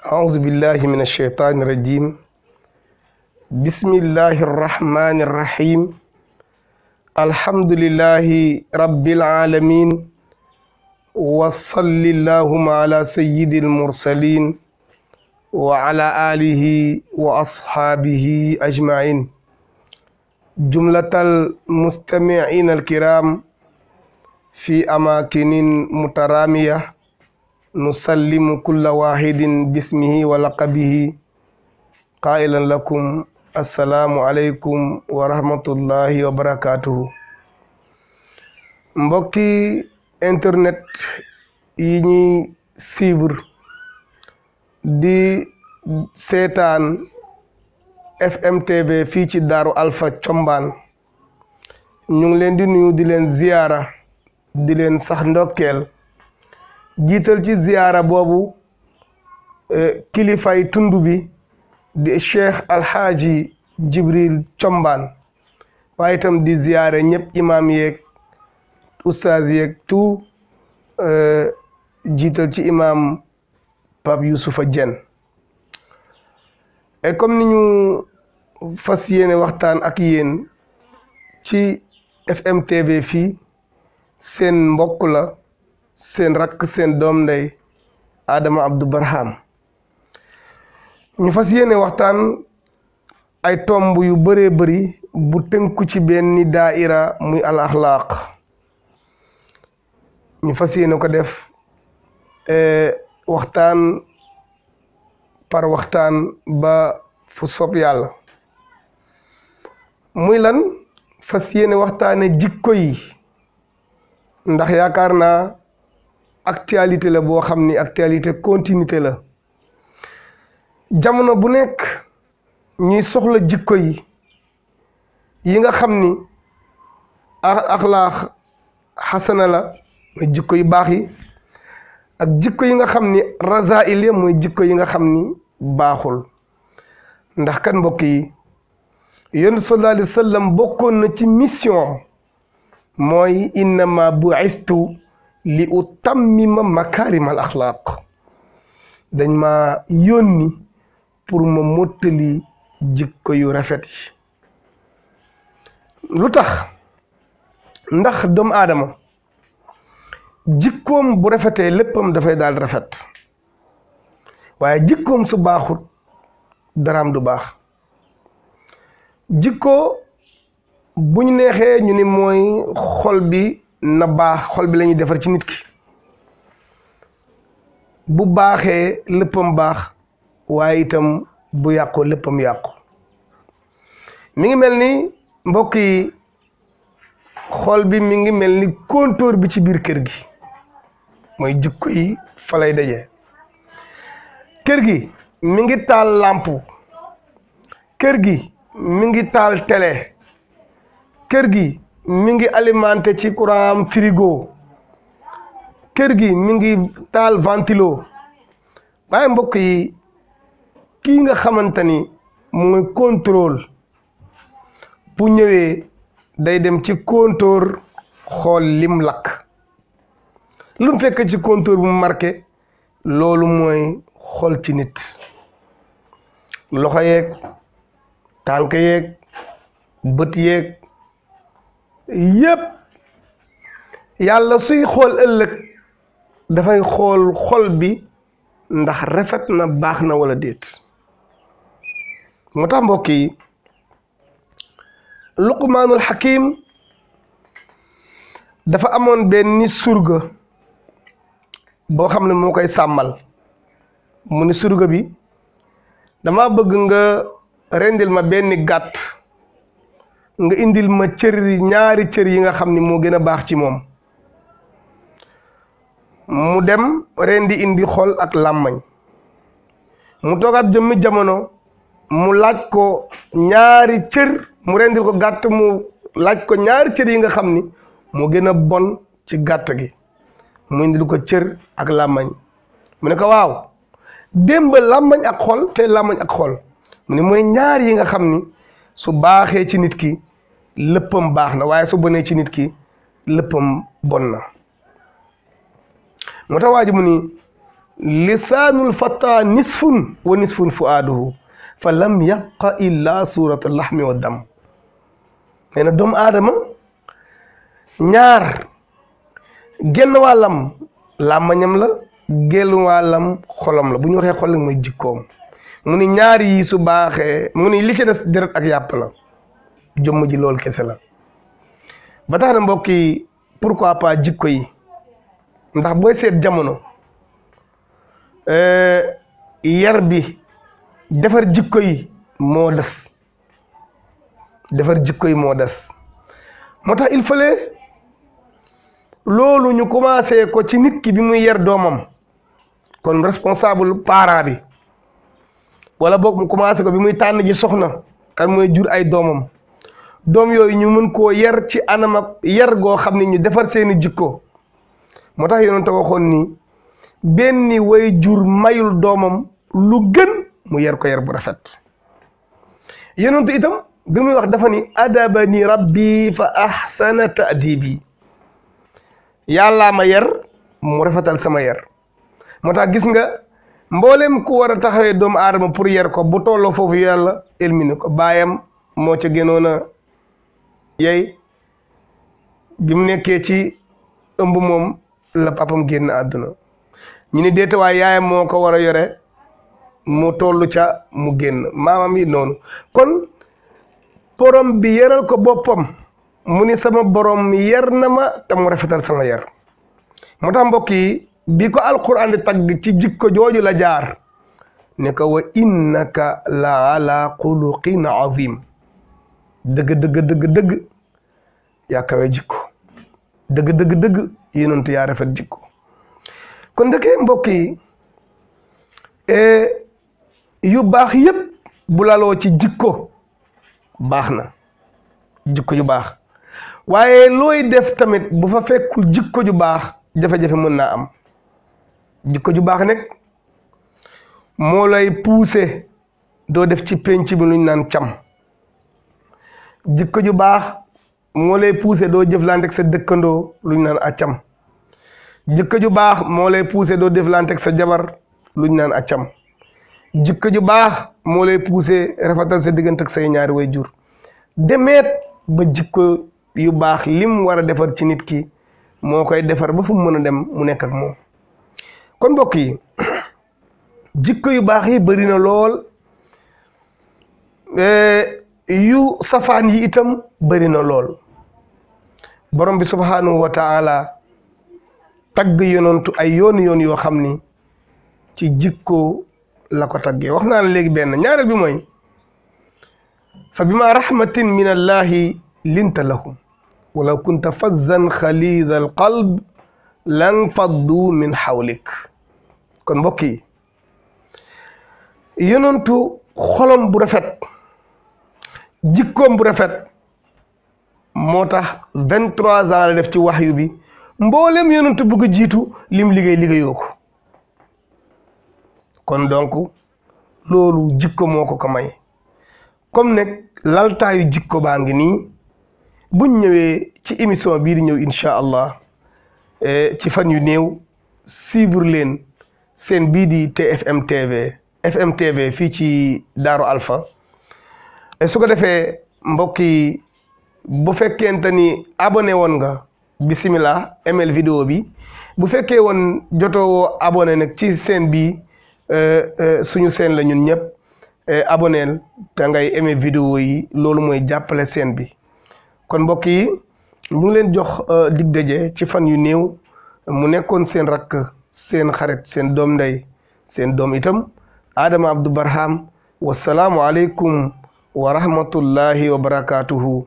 أعوذ بالله من الشيطان الرجيم بسم الله الرحمن الرحيم الحمد لله رب العالمين وصل اللهم على سيد المرسلين وعلى آله وأصحابه أجمعين جملة المستمعين الكرام في أماكن مترامية nu nusallimu kulla wahidin bismihi wa laqabihi qailan lakum assalaamu aleykum wa rahmatullahi wa barakatuhu mbokki internet yi ñuy suivre di seetaan fmtv fii ci daaru alfa combaan ñu ngi leen di nuyu di leen ziyaara di leen sax ndokkeel jiital ci ziyaara boobu eh, kilifay tund bi di cheikh alxaaji jibril combaan waaye itam di ziyaare ñëpp imaam yeeg ustaaz yeeg tout eh, jiital ci imaam Pape Youssoufa Dieng et comme ni ñu fas yéene waxtaan ak yéen ci FM TV fii seen mbokk la seen rakk seen doom ndey Adama Abdou Barham ñu fas yéene waxtaan ay tomb yu bëree bëri bu tënku ci benn daa ira muy al axlaaq ñu fas yéene ko def eh, waxtaan par waxtaan ba fu sob yàlla muy lan fas yéene waxtaane jikko yi ndax yaakaar naa actualité la boo xam ni actualité continuité la jamono bu nekk ñuy soxla jikko yi yi nga xam ni axlaax xasana la mooy jikko yu baax ak jikko yi nga xam ni razaa'il ya mooy jikko yi nga xam ni baaxul ndax kan mbokk yi yonent sallallahu alayhi bokkoon na ci mission am mooy innama bu'istu li utammima makaarimal axlaaq dañ ma yónni pour ma mottali jikko yu rafet lu tax ndax doomu aadama jikkoom bu rafetee léppam dafay daal rafet waaye jikkoom su baaxut daraam du baax jikko buñ neexee ñu ni mooy xol bi na baax xol bi lañuy defar ci nit ki bu baaxee léppam baax waaye itam bu yàqoo léppam yàqu mi ngi mel ni mbokk yi xol bi mi ngi mel ni kontóor bi ci biir kër gi mooy jikko yi fa daje kër gi mi ngi taal làmp kër gi mu ngi taal tele kër gi mi ngi alimenté ci courant frigo kër gi mi ngi taal ventilo waaye mbokk yi kii nga xamante ni mooy contrôle bu ñëwee day dem ci compteur xool lim lakk lu mu fekk ci compteur bu marqué loolu mooy xool ci nit loxo yeeg tànk yeeg bët yeeg yépp yàlla suy xool ëllëg dafay xool xol bi ndax rafet na baax na wala déet moo tax mbokk yi luqmaanul dafa amoon benn surga boo xam ne moo koy sàmmal mu ni surga bi dama bëgg nga rendil ma benn gàtt nga indil ma cër ñaari cër yi nga xam ni moo gën a baax ci moom mu dem ren di indi xol ak làmmañ mu toogaat jëmmi jamono mu laaj ko ñaari cër mu rendil ko gàtt mu laaj ko ñaari cër yi nga xam ni moo gën a bon ci gàtt gi mu indil ko cër ak làmmañ mu ne ko waaw démb làmmañ ak xol te làmmañ ak xool mu ne mooy ñaar yi nga xam ni su baaxee ci nit ki léppam baax na waaye su bonee ci nit ki lëppam bon na moo tax waa mu ni lisaanul fata nisfun wa nisfun fuaaduhu fa lam yabqa illa suratu lahmi wa dam nee na doomu aadama ñaar genn wàllam làmmañam la genn wàllam xolam la bu ñu waxee xol mooy jikkoom mu ni ñaari subaaxee su baaxee mu ni li des deret ak yàpp la jëmm ji loolu kese la ba tax na mbokk yi pourquoi pas jikko yi ndax booy seet jamono eh, yar bi defar jikko yi moo des defar jikko yi moo des moo tax il fallait loolu ñu commencé ko ci nit ki bi muy yar doomam kon responsable parent bi wala boog mu commencé ko bi muy tànn ji soxna kan mooy jur ay doomam doom yooyu ñu mën koo yar ci anam ak yar goo xam ne ñu defar seeni jikko moo tax yonent a waxoon ni benn way jur mayul doomam lu gën mu yar ko yar bu rafet yonent itam bi muy wax dafa ni adabani rabbi fa ahsana taadibi yàlla ma yar mu rafetal sama yar moo tax gis nga mboolem ku war a taxawee doomu aadama pour yar ko bu tolloo foofu yàlla éliminé ko baayam moo ca gënoon a yey bi mu nekkee ci ëmb moom la papam génn àdduna ñu ni deetawaay yaayam moo ko war a yore mu toll ca mu génn maamam yi noonu kon borom bi yaral ko boppam mu ni sama borom yar na ma te mu rafetal sama yar moo tax mbokk bi ko alquran di tagg ci jikko jooju la jaar ne ko wa innaka la ala xuluqin azim dëgg dëgg dëgg dëgg yaa kawe jikko dëgg dëgg dëgg yéenantu yaa rafet jikko kon ndeke mbokk yi e, yu baax yépp bu laloo ci jikko baax na jikko ju baax waaye looy def tamit bu fa fekkul jikko ju baax jafe-jafe mën na am jikko ju baax nag moo lay pousser doo def ci penc bi lu ñu naan cam jikko ju baax moo lay pousser doo jëflanteeg sa dëkkandoo lu ñu naan accam jikko ju baax moo lay pousser doo jëflanteeg sa jabar lu ñu naan accam jikko ju baax moo lay pousser rafetal sa diggante say ñaari way jur demeet ba jikko yu baax lim war a defar ci nit ki moo koy defar ba fu mu mën a dem mu nekk ak moom kon mbokk yi jikko yu baax yi bëri na lool eh, yu safaan yi itam bëri na lool borom bi subhaanahu wa taala tagg yonantu ay yooni yoon yoo xam ni ci jikko la ko taggee wax naa la léegi benn ñaareel bi mooy fa bima rahmatin min allahi linta lahum walaw kunta fazzan xalida alqalb lan faddu min xawlik kon mbokk yi yonentu xolom bu rafet jikkoom bu rafet moo tax vingt trois ans la def ci waxyu bi mboolem yonentu bëgg jiitu lim liggéey liggéeyoo ko kon donc loolu jikko moo ko ko may comme nag laltaayu jikko baa ngi nii buñ ñëwee ci émission bii di ñëw incha allah eh, ci fan yu néew suivre leen seen bii di TFM TV fii ci Daaru alfa su ko defee mbokk yi bu fekkente ni abonné woon nga bisimilah ml vidéo bi bu fekkee woon jotowoo abonné nag ci seen bi bii euh, euh, suñu seen la ñun ñëpp euh, aboneel te ngay aimé vidéo yi loolu mooy jàppale seen bi kon mbokk yi mu leen jox dig daje ci fan yu néew mu nekkoon seen rakk سين خارت سين دوم داي سين دوم إتم آدم عبد برهام والسلام عليكم ورحمة الله وبركاته